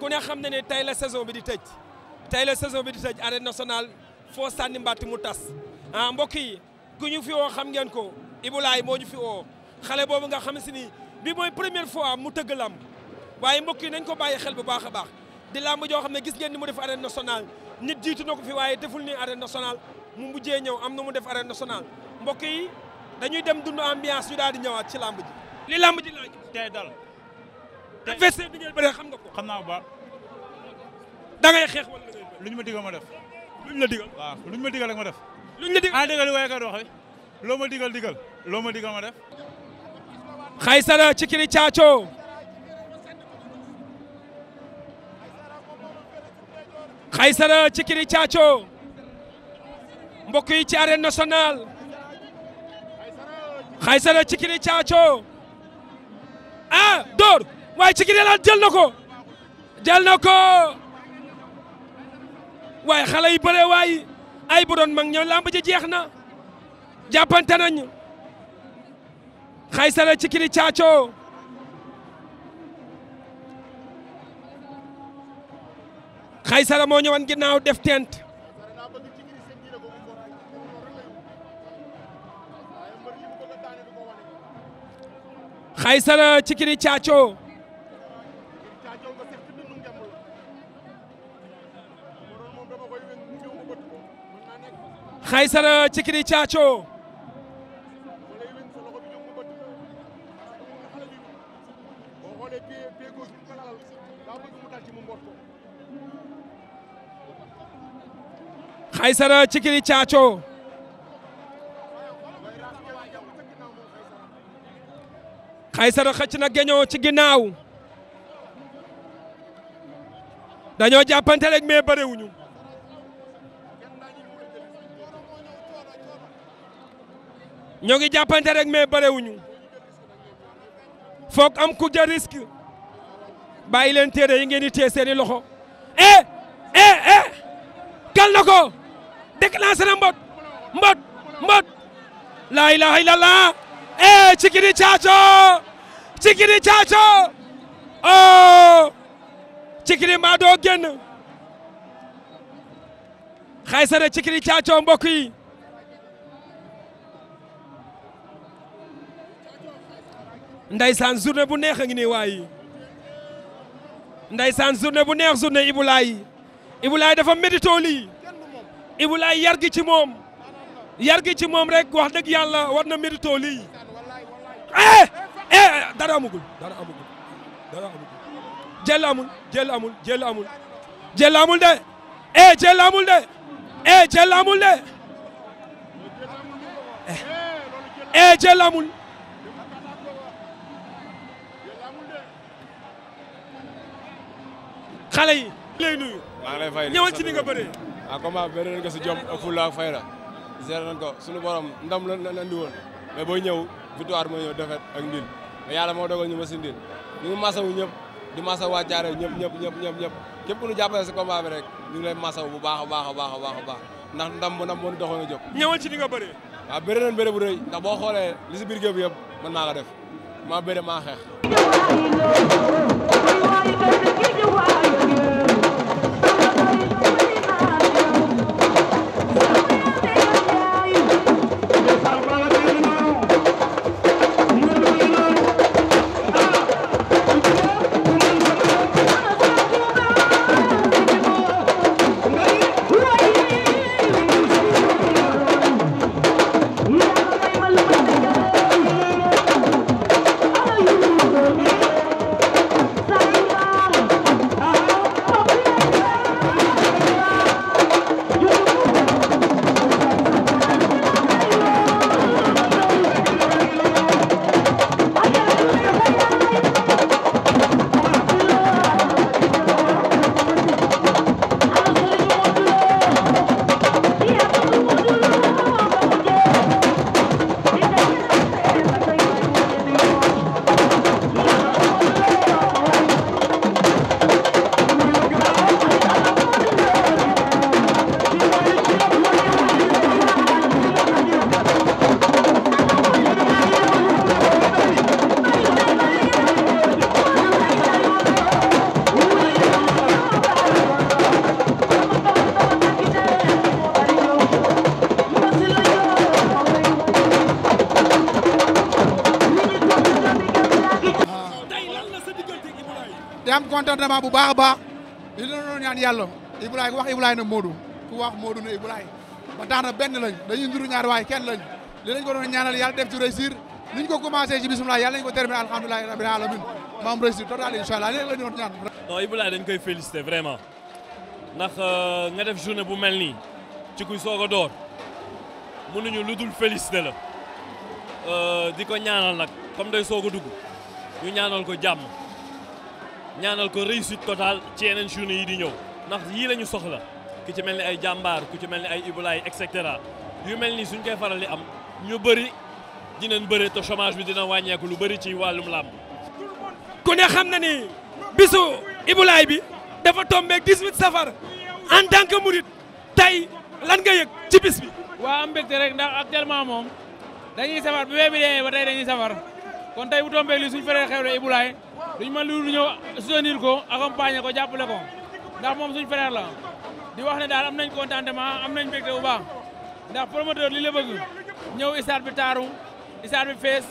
ku ne xam na ne tey la saison bi di tëj tey la saison bi di tëj arène nationale foo sànni mbàtt mu tas ah mbokk yi ku ñu fi oo xam ngeen ko Ibulaay moo ñu fi woo xale boobu nga xam si ni bi mooy première fois mu tëgg làmb waaye mbokk yi nañ ko bàyyi xel bu baax a baax di làmb joo xam ne gis ngeen ni mu def arène nationale nit jiitu na ko fi waaye deful ni arène nationale mu mujjee ñëw am na mu def arène nationale mbokk yi dañuy dem dund ambiance ñu daal di ñëwaat ci làmb li làmb ji laaj tey dal adversaire bi ngeen bëree xam nga ko. xam naa bu baax. xeex wala luñ ma digal ma def. luñ la digal luñ ma digal rek ma def. luñ la digal loo ma digal digal loo ma digal ma def. xaysara cikiri caacoo. xaysara cikiri caacoo. mbokk yi ci arène nationale. xaysara cikiri caacoo. ah door. waay ci ginnaaw jël na ko jël na ko waaye xale yi bëre waaye ay bu mag ñëw làmb jeex na jàppante nañ xay sale ci kiri caacoo xay moo ñëwan ginnaaw def tent xay sale ci kiri Kaysara Cikiri Caaco Kaysara Cikiri Caaco Kaysara xëcc na geñoo ci ginnaaw dañoo jàppante rek mais bëriwuñu ñoo ngi jàppante rek mais barewuñu foog am ku ja risque bàyyi leen téere yi ngeen di téye seeni loxo eh eh eh kal mbot mbot mbot laa ilaha illallah eh Cikiri Caaco Cikiri Caaco oh Cikiri maa doo génn xay sa ne Cikiri mbokk yi ndaysaan journée bu neex a ngi nii waayi bu neex journée Ibulaay Ibulaay dafa méditoo lii Ibulaay yar gi ci moom yar gi moom rek wax dëgg yàlla war na méditoo lii eh eh dara amugul dara amugul amul jël amul jël amul de eh jël amul de eh jël amul xale yi lay nuyu. maa ngi lay fay ñëwal ci ni nga bëree. ah combat bëri nañ ko si jom fulla ak fayda. gérer nañ ko suñu borom ndam la la andi woon booy ñëw victoire moo ñëw défaite ak ndil mais yàlla moo dogal ñu ma si ndil ñu ngi masawu ñëpp di masawu waa Thiaroye ñëpp ñëpp ñëpp ñëpp ñëpp képp ku ñu jàppale si combat bi rek ñu ngi lay masawu bu baax a baax a baax a baax ndax ndam bu ndam moo ñu doxoon a jóg. ñëwal ci ni nga bëree. waaw ah, bëri nañ bëri bu rëy ndax boo xoolee li si biir géew yëpp man maa ko def maa contentement bu baax a baax li doon ñaan yàlla Ibrahima ku wax Ibrahima na Modou ku wax Modou na Ibrahima ba tax na benn lañ dañuy nduru ñaar waay kenn lañ li lañ ko doon ñaanal yàlla def ci réussir ni ñu ko commencé ci bisimilah yàlla nañu ko terminé alhamdulilah rabbil alamin ma am réussir total incha allah léegi la ñu doon ñaan. non Ibrahima dañ koy félicité vraiment ndax euh, nga def journée bu mel nii ci kuy soog a door mënuñu lu dul félicité la euh, di ko ñaanal nag comme day soog a dugg ñu ñaanal ko jàmm. ñaanal ko réussite totale ci yeneen journée yi di ñëw ndax yii la ñu soxla ki ci mel ni ay jàmbaar ku ci mel ni ay ibulaay et cetera yu mel ni suñ koy faral di am ñu bëri dinañ bëri te chômage bi dina wàññeeku lu bëri ci wàllum làmb. ku ne xam na ni bisu ibulaay bi dafa tombé 18 safar en tant que murid tey lan nga yëg ci bis bi. waa am mbégte rek ndax actuellement moom dañuy safar bu wee bi dee ba tey dañuy safar kon tey bu tombé li suñu feree duñ mën lu ñëw soutenir ko accompagner ko jàppale ko ndax moom suñ frère la di wax ne daal am nañ contentement am nañ mbégte bu baax ndax promoteur li la bëgg ñëw stade bi taaru stade bi fees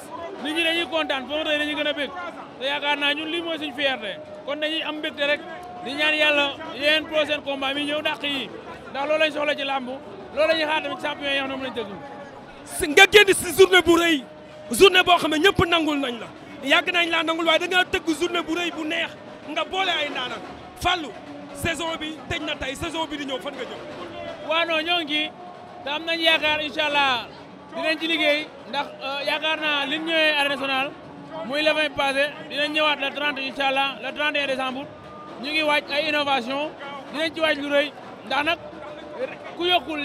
nit ñi dañuy kontaan promoteur yi dañuy gën a bég te yaakaar naa ñun lii mooy suñ fierté kon dañuy am mbégte rek di ñaan yàlla yéen prochain combat mi ñëw dàq yi ndax loolu lañ soxla ci làmb loolu la ñuy xaar tamit champion yi nga xam ne moom lañ dëgg nga génn si journée bu rëy journée boo xam ne ñëpp nangul nañ la yàgg nañ laa nangul waaye da nga tëgg journée bu rëy bu neex nga boole ay ndaanaan fàllu saison bi tëj na tey saison bi di ñëw fan nga jëm. waaw non ñoo ngi te am nañ yaakaar incha allah dinañ ci liggéey ndax euh, yaakaar naa li ñu ñëwee arène nationale muy le 20 passé dinañ ñëwaat le 30 incha allah le 31 décembre ñu ngi waaj ay innovation dinañ ci waaj lu rëy ndax nag ku yokkul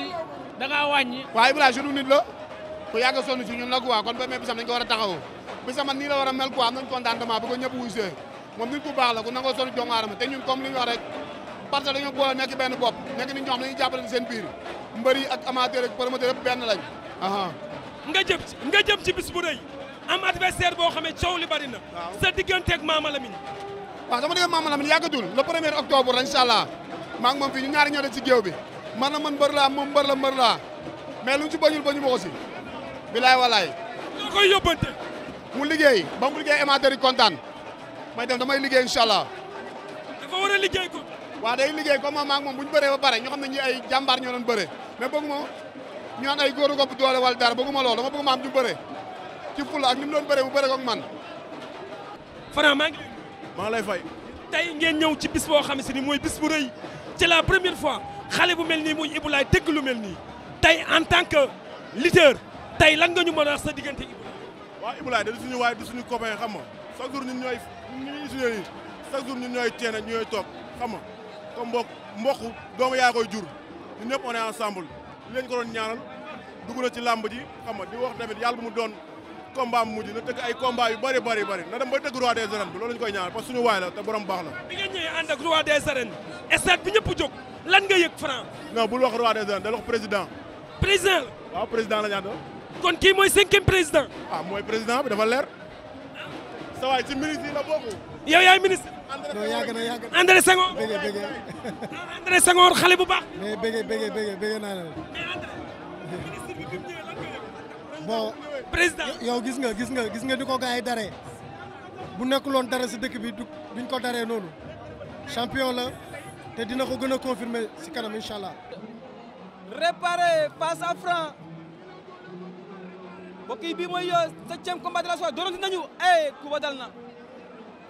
da ngaa wàññi. waaye Ibrahima journée nit la ku yàgg a sonn ci ñun nag waa kon ba même bisam dañ ko a taxawoo. bisa man nii la war a mel quoi am nañ contentement bi ko ñëpp wuy see moom nit ku baax la ku nangoo sonn doomu aadama te ñun comme li ñu wax rek benn bopp nekk nit ñoo xam ne seen biir mbër yi ak amateur ak promoteur yëpp nga jëm nga jëm ci am adversaire boo xamee coow li bari na sa digganteeg Mama Lamine waaw sama digganteeg Mama Lamine yàggatul le premier octobre incha allah maa ngi de ci géew bi man ma ko si bilaay mu liggéey ba mu liggéey amateur kontaan may dem damay liggéey incha allah. dafa war a liggéey ko. waa day liggéey comme maam ak moom bu ñu bëree ba pare ñu xam ne ñi ay jàmbaar ñoo doon bëre mais bëgguma ñu naan ay góor gopp doole wala dara bëgguma loolu dama bëgg ma am ñu bëre ci fula ak ni mu doon bëree mu bëre koog man. Franc maa ngi. maa lay fay. tey ngeen ñëw ci bis boo xam ni mooy bis bu rëy ci la première fois xale bu mel nii muy Ibou Laye dégg lu mel nii tey en tant que lutteur tey lan nga ñu mën a sa diggante waaw Ibulaay da di suñu waay di suñu copain xam nga chaque jour ñun ñooy ñun suñu nii toog xam nga comme mbokk mbokk doomu yaa koy jur ñun ñëpp on est ensemble li lañ ko ñaanal dugg na ci làmb ji xam nga di wax tamit yàlla mu doon combat mu mujj na tëgg ay combat yu bëri bëri bëri na dem ba tëgg roi des arènes bi loolu lañ koy ñaanal parce que suñu waay la te borom baax la. bi nga ñëwee ànd a roi des arènes stade bi ñëpp jóg lan nga yëg Franc. non bul wax roi des président. président. waaw la ñu kon kii mooy cinquième président. ah mooy président bi dafa leer. sa waay ci ministre yi la yaay ministre. non yàgg na yàgg na André Senghor. bëggee bëggee. André Senghor xale bu baax. mais bëggee bëggee bëggee bëggee naa la. bon président yow gis nga gis nga gis nga di ko gars yi daree bu nekkuloon dara si dëkk bi duñ ko daree noonu champion la te dina ko gën a confirmer si kanam incha allah. réparé face Franc. mbokk yi bii mooy euh, septième combat de la soirée nañu eh kuba dal na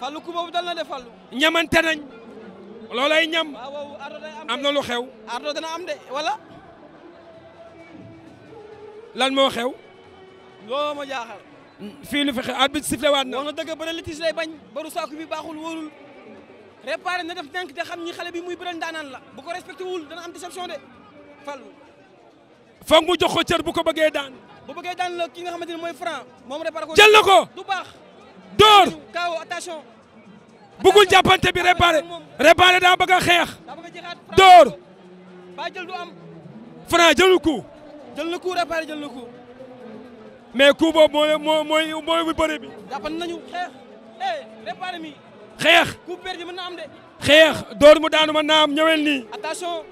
fallu kuba bu dal na de fallu ñamante nañ loolay ñam am na lu xew ardo dana am de wala lan moo xew looloo ma jaaxal fii lu fexe arbitre sifflé waat na wax na dëgg bëri litis bañ baru saaku bi baaxul wóorul réparé na def denk te xam ñi xale bi muy bëral ndaanaan la bu ko respecté wul dana am déception de fallu foog mu jox ko cër bu ko bëggee daan bu bëggee daan la ki nga xamante ne mooy franc moom réparé ko. jël na ko du baax. door kaaw attention. bëggul jàppante bi réparé réparé daa bëgg a xeex. door. ba jël du am. jël na coup réparé jël na coup. mais coup boobu mooy mooy mooy mooy bu bi. jàppante nañu xeex eh, xeex coup perdu xeex door mu daanu mën na am nii. attention.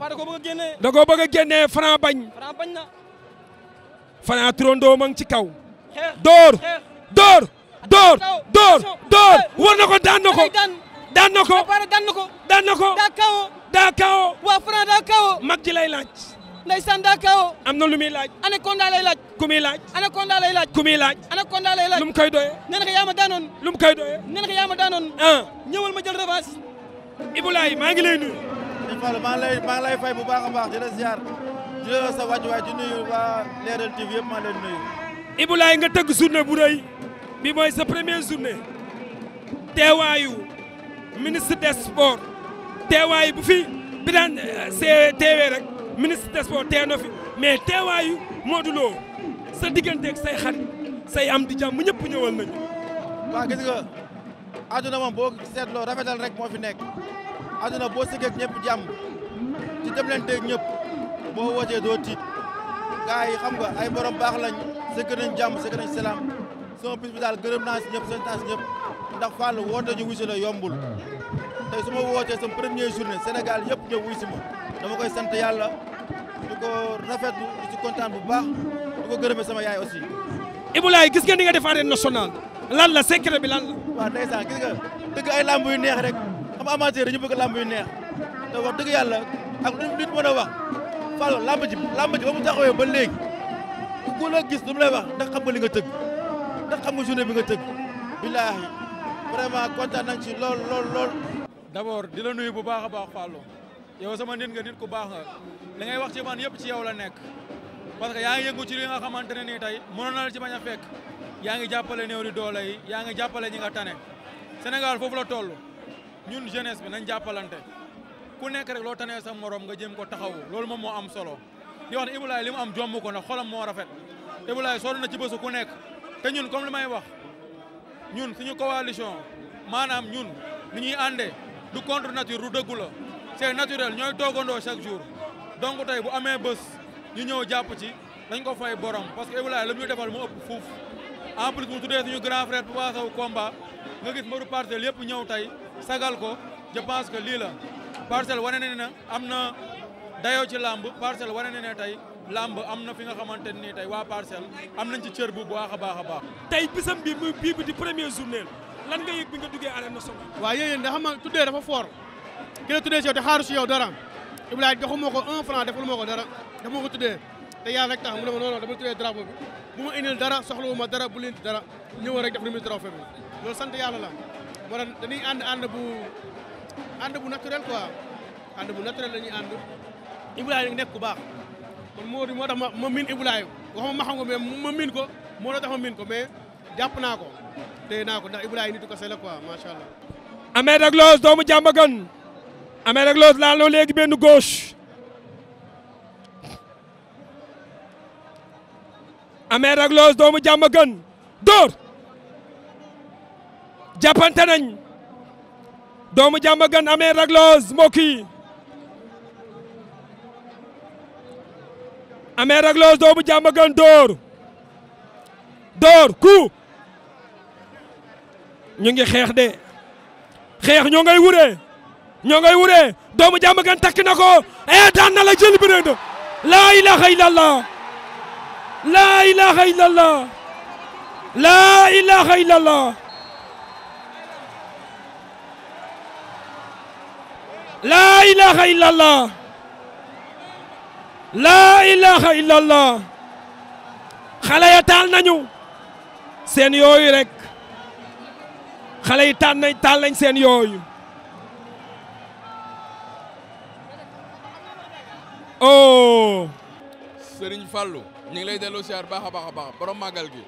da koo bëgg a génnee. bëgg a génnee Franc bañ. Franc bañ ci kaw. door door door door door war ko daan na daan na daan na daan na ko daa waa Franc daa mag ji lay laaj. ndeysaan daa kawoo. am na lu muy laaj. ana Konda lay laaj. ku muy laaj. ana Konda lay laaj. ku muy laaj. ana Konda lay laaj. lu mu koy doyee. nee na ko yaa ma daanoon. lu mu koy doyee. nee na ko yaa ma daanoon. Ah. ñëwal ma jël revanche. Ibou Laye maa ngi Serigne Fallou maa ngi lay maa fay bu baax a baax di la ziar di la sa wàccuwaay di nuyu waa Leral TV yëpp maa leen nuyu. Ibou Laye nga tëgg journée bu rëy bi mooy sa première journée ministre des bu fi bi daan euh, teewee rek ministre des sports tee na fi mais teewaayu Modou Lo sa digganteeg say xarit say am di jàmm ñëpp ñëwal nañu. waaw gis nga àdduna moom boo seetloo rafetal rek moo fi nekk. àdduna boo sëggeeg ñëpp jàmm ci demlante ñëpp boo wootee doo tiit gars yi xam nga ay borom baax lañ sëgg nañ jàmm sëgg nañ salaam sama bis bi gërëm naa si ñëpp sant naa si ñëpp ndax Fall woote ñu wuyu yombul tey su ma wootee sama première journée Sénégal yëpp ñëw wuyu si dama koy sant yàlla di ko rafetlu di si kontaan bu baax di ko sama yaay aussi. Ibulaay gis nga ni nga def arène nationale lan la secret bi lan la. waaw ay lamb yu neex rek. xam amateur dañu bëgg làmb yu neex te wax dëgg yàlla ak lu nit mën a wax Fallou làmb ji làmb ji ba mu taxawee ba léegi ku la gis lu mu lay wax ndax xam nga li nga tëgg ndax xam nga journée bi nga tëgg billaahi vraiment kontaan nañ ci lool lool lool d'abord di la nuyu bu baax a baax Fallou yow sama nit nga nit ku baax nga li ngay wax ci man yëpp ci yow la nekk parce que yaa ngi yëngu ci li nga xamante ne nii tey mënoon na la ci bañ a fekk yaa ngi jàppale néew di doole yi yaa ngi jàppale ñi nga tane Sénégal foofu la toll ñun jeunesse bi nañ jàppalante ku nekk rek loo tanee sa morom nga jéem ko taxawu loolu moom moo am solo di wax ne Ibulaay li mu am jomb na ndax moo rafet Ibulaay sonn na ci bésu ku nekk te ñun comme li may wax ñun suñu coalition maanaam ñun ni ñuy àndee du contre nature du dëggu la naturel ñooy toogandoo chaque jour donc tey bu amee bés ñu ñëw jàpp ci dañ ko fay borom parce que Ibulaay lu mu ñu defal mu ëpp fuuf en plus mu tuddee suñu grand frère Papa Sow combat nga gis mbaru parcelle yëpp ñëw tey sagal ko je pense que lii la parcelle wane na ne am na dayoo ci làmb parcelle wane na ne tey làmb am na fi nga xamante nii tey waa parcelle am nañ ci cër bu baax a baax a baax. tey bisam bi muy bii bi di première journée lan nga yëg bi nga duggee arène nationale. waaw yéen da xam nga tuddee dafa fort ki la tuddee si yow te xaaru si yow dara Ibrahima joxuma ko un franc defuluma ko dara dama ko tuddee te yàlla rek tax mu ne ma non non dama tuddee drapeau bi bu ma indil dara soxlawuma bu leen dara ñëw rek def remise trophée bi loolu sant yàlla la. moo tax dañuy ànd ànd bu ànd bu naturel quoi ànd bu naturel la ñuy ànd nekk ku baax moo di moo tax ma ma miin Ibrahima ko mais ma miin ko moo tax ma miin ko mais jàpp naa ko téye naa ko ndax Ibrahima nitu kese la quoi macha allah. Ahmed ak Loos doomu Diamaguène Ahmed ak Loos laal na léegi benn gauche Ahmed ak Loos jàppante nañ doomu Diamaguène amee Raglose mbokk yi amee Raglose doomu Diamaguène dóor dóor ku ñu ngi xeex de xeex ñoo ngay wuree ñoo ngay wuree doomu Diamaguène takk na ko e daan na la jël bi laa ilaha illallah laa ilaha illallah laa ilaha illallah laa ilaha illallah laa ilaha illallah xale ya taal nañu seen yooyu rek xale yi taal nañ seen yooyu oh. sëriñ Fallou ñu ngi lay delloo siyaar baax a baax borom màggal gi.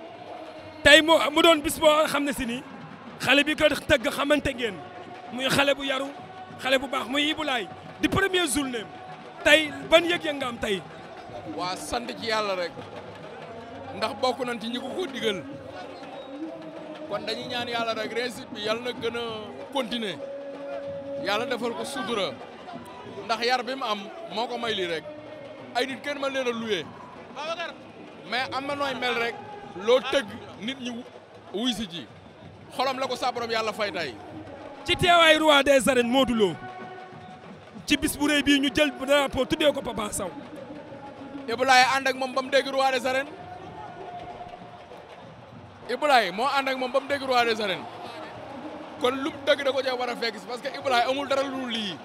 tey mu doon bis boo xam ne si ni xale bi ko tëgg xamante ngeen muy xale bu yaru. xale bu baax muy Ibou Laye di premier journée tey ban yëg-yëg nga am tey. waa sant ci yàlla rek ndax bokk nañ ci ñi ko ko digal kon dañuy ñaan yàlla rek réussite bi yàlla na gën a continuer yàlla defal ko sutura ndax yar bi mu am moo ko may lii rek ay nit kenn mën leen a loué mais am na nooy mel rek loo tëgg nit ñi wuy si ji xolam la ko saa yàlla fay tey ci teewaay roi des arènes Modou Lo ci bis bu rëy bii ñu jël drapeau ko Papa Ibulaay ànd ak moom ba mu dégg roi Ibulaay moo ànd ak moom ba mu dégg roi kon lu mu dëgg da ko cee war a parce que Ibulaay amul dara lu lii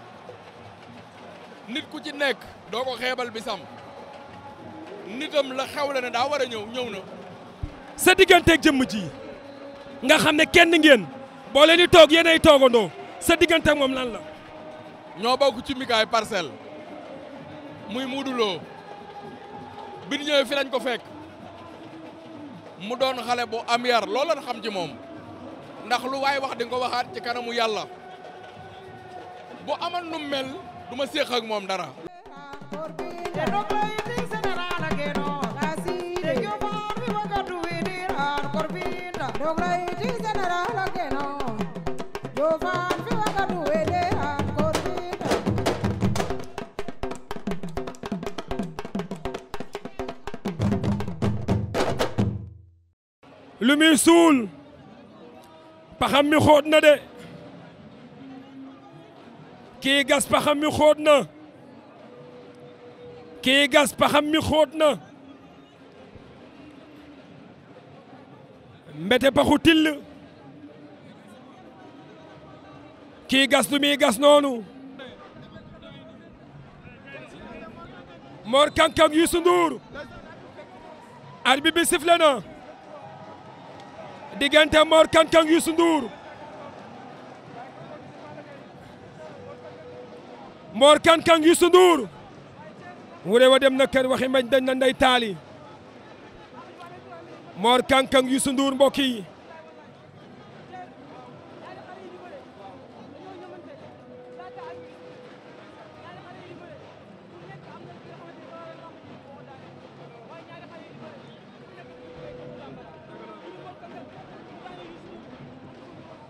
nit ku ci nekk doo ko xeebal bisam nitam la xew xewle ne daa war a ñëw ñëw na. sa digganteeg jëmm ji nga xam ne kenn ngeen. boole leen di toog yéenay toogandoo sa diggante moom lan la. ñoo bokk ci mikaay parcelle muy Modou bi ñu ñëwee lañ ko fek mu doon xale bu am yar loolu la xam ci moom ndax lu waay wax di ko waxaat ci kanamu yàlla bu amal nu mel du ma ak moom dara. lu muy suul paxam mi xóot na de kii gas paxam mi xóot na kii gas paxam mi xóot na mbete paxu till kii gas lu muy gas noonu Mor Kang Kang Youssou Ndour arbitre bi sifle na diggante Mor Kan Kan Youssou Ndour Mor Kan Kan Youssou Ndour wure wa dem na kër waxi mbañ dañ na ndey taali Mor Kan Kan Youssou Ndour mbokk yi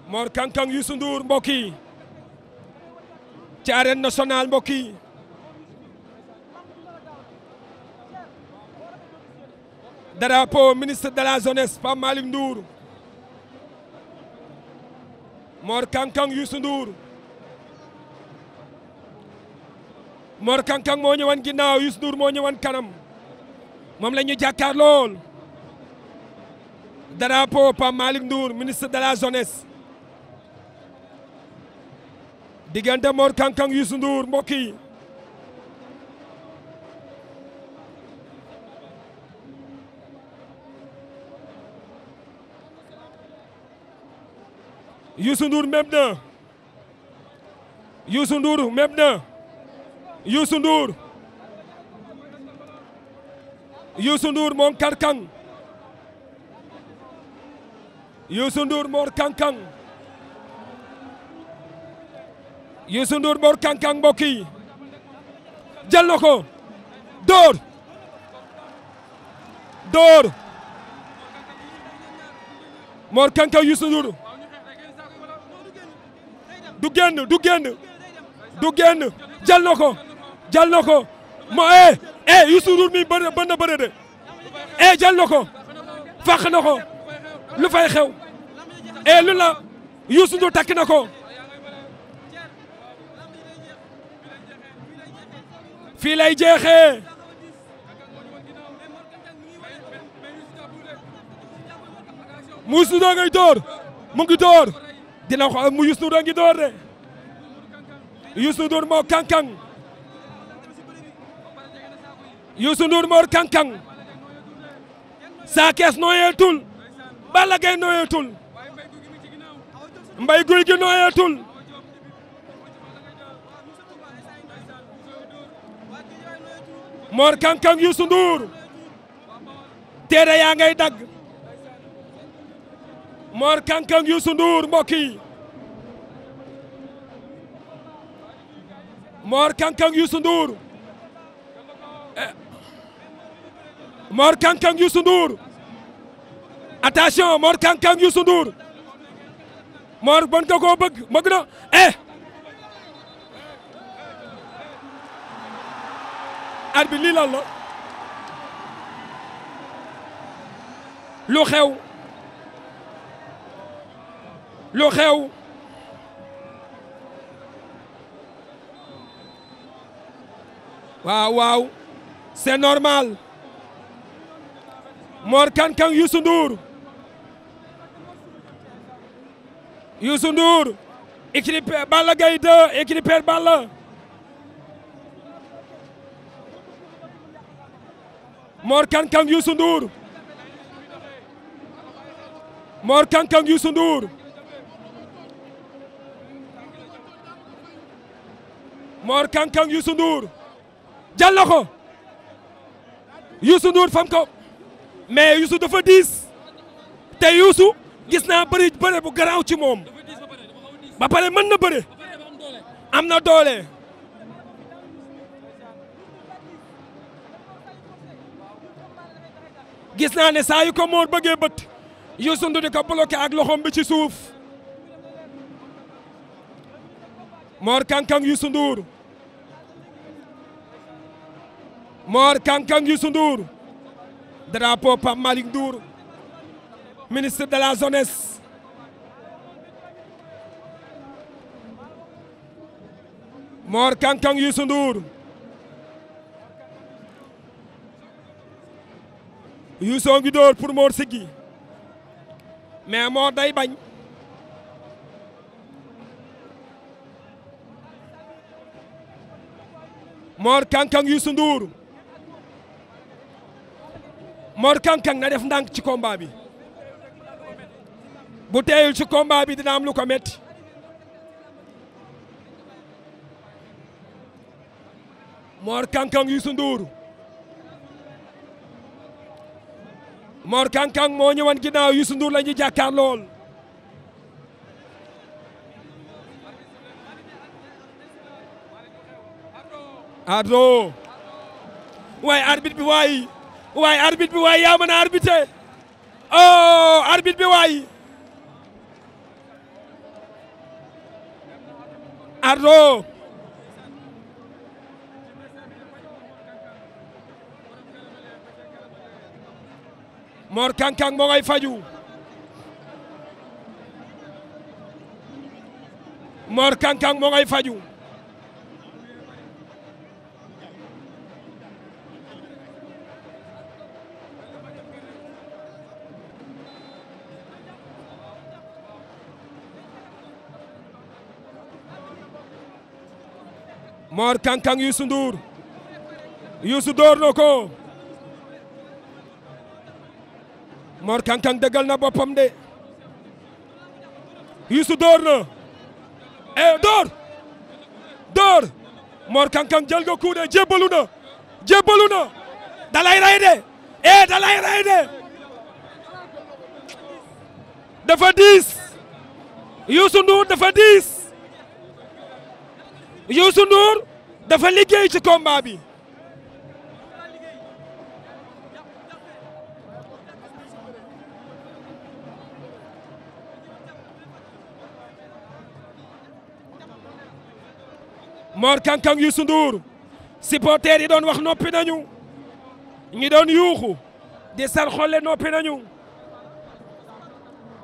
Mor Kang Kang Youssou Ndour mbokk yi ci arène mbokk yi drapeau ministre de la jeunesse Pape Malick Ndour Mor Kang Kang Youssou Ndour Mor Kang Kang moo ñëwoon ginnaaw Youssou Ndour moo ñëwoon kanam moom la ñu jàkkaar lool drapeau Pape Malick ministre de la jeunesse diggante Mor Kang Kang Youssou Ndour mbokk yi Youssou Ndour méb na Youssou Ndour méb na Youssou Ndour Youssou Ndour Mor Kang Kang Youssou Ndour Mor Youssou Ndour Mbour Kang-Kang mbokk yi jël na ko dóor dóor Mbour Kang-Kang Youssou Ndour du génn du génn du génn jël na ko jël ko mo eh eh Youssou mi bë bën na bëre de eh jël ko fàq na ko lu fay xew eh lu la Youssou Ndour takk na ko fii lay jeexee Youssou Ndour ngay door mu ngi door dina ko mu Youssou Ndour ngi door de Youssou Ndour moo kankang Youssou Ndour moo kankang Sa Thiès nooyeetul Balla Gaye nooyeetul Mbaye Gouye Gui nooyeetul Mor Kang Kang Youssou Ndour teere yaa ngay dagg Mor Kang Kang Youssou Ndour mbokk yi Mor Kang Kang Youssou Ndour eh. Mor Kang Kang Youssou Ndour attention Mor Kang Kang Youssou Ndour bon nga koo bëgg bëgg na eh arbi lii lan la lu xew lu xew waaw waaw c'est normal Mor Kang Kang Youssou Ndour Youssou Ndour équipe Balla Gaye 2 équipe Balla moor Kang Kang Youssou Ndour Mor Kang Kang Youssou Ndour Mor Kang Kang Youssou Ndour jàll fam ko mais Youssou dafa diis te Youssou gis naa bëri bëre bu garaaw ci moom ba pare mën na bëre am na doole. gis naa ne saa yu ko Mor bëggee bët Youssou Ndour di ko bloqué ak loxoom bi ci suuf Mor Kankang Youssou Ndour Mor Kankang Youssou Ndour drapeau Pape Malick Ndour ministre de la jeunesse Mor Kankang Youssou Ndour Youssou ngi dóor pour Mor siggi mais Mor day bañ Mor Kankang Youssou Ndour Mor Kankang na def ndànk ci combat bi bu teeyul ci combat bi dina am lu ko metti Mor Kankang Youssou Ndour Mor Kang Kang moo ñëwoon ginnaaw Youssou Ndour la ñu jàkkaar lool Ardo waaye arbitre bi waay waaye arbitre bi waay yaa mën a arbitrer oh arbitre bi waay Mor Kang Kang moo ngay faju Mor Kang Kang moo ngay faju Mor Kang Kang Youssou Ndour Youssou door Mor Kang Kang dëggal na boppam de Youssou door na eh door door Mor Kang Kang jël nga coup de jébbalu na jébbalu na dalay rey de eh dalay rey de dafa diis Youssou Ndour dafa diis Youssou Ndour dafa liggéey ci combat bi Mor Kang Kang Youssou Ndour supporters yi doon wax noppi nañu ñi doon yuuxu di sar xolle noppi nañu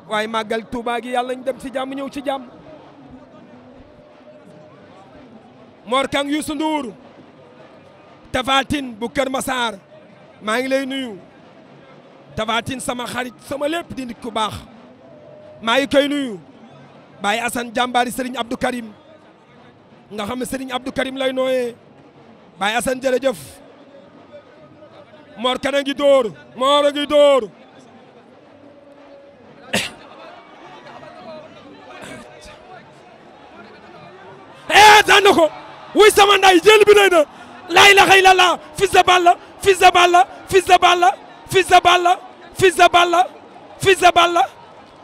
waaye màggal Touba gi yàlla ñu dem ci jàmm ñëw ci jàmm Mor Kang Youssou Ndour Tafatine bu Kër maa ngi lay nuyu Tafatine sama xarit sama lépp di nit ku baax maa ngi koy nuyu Baye Assane jàmbaari Serigne Abdou Karim nga xam ne Serigne Abdou Karim lay nooyee Baye Assane jërëjëf Mor Kana gi dóor Mor a ngi dóor eh na ko wuy sama nday jël bi nay na laa ilaaha illallaah fils de Balla fils de Balla fils de Balla fils Balla fils Balla fils Balla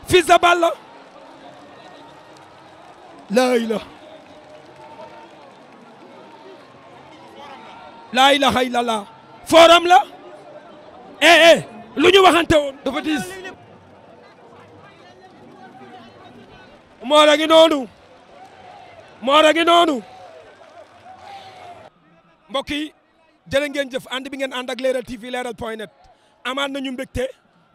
fils Balla laa laa ilaha illallah forum la eh eh lu ñu waxante woon dafa diis moora ngi noonu moora ngi noonu mbokk yi jërë ngeen jëf ànd bi ngeen ànd ak leeral TV leeral point net amaat nañu mbégte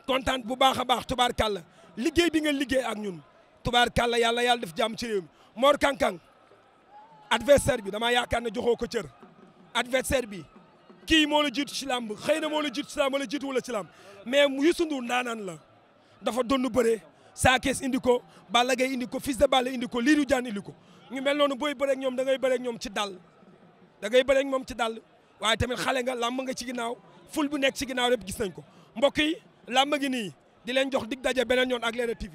kontaan bu baax a baax tubaarkàlla liggéey bi ngeen liggéey ak ñun tubaarkàlla yàlla yàlla def jàmm ci réew mi Mor Kang bi damaa yaakaar ne joxoo ko cër adversaire bi kii moo la jiitu ci làmb xëy na moo la jiitu ci làmb wala jiitu wala ci làmb mais Youssou Ndour ndaanaan la dafa donn bëre saa Thiès indi ko Balla Gaye indi ko Fils de Balla indi ko Lirou Diane indi ko ñu mel noonu booy bëreeg ñoom da ngay bëreeg ñoom ci dal da ngay bëreeg moom ci dal waaye tamit xale nga làmb nga ci ginnaaw ful bu nekk ci ginnaaw rek gis nañ ko mbokk yi làmb ngi nii di leen jox dig daje beneen yoon ak Leral TV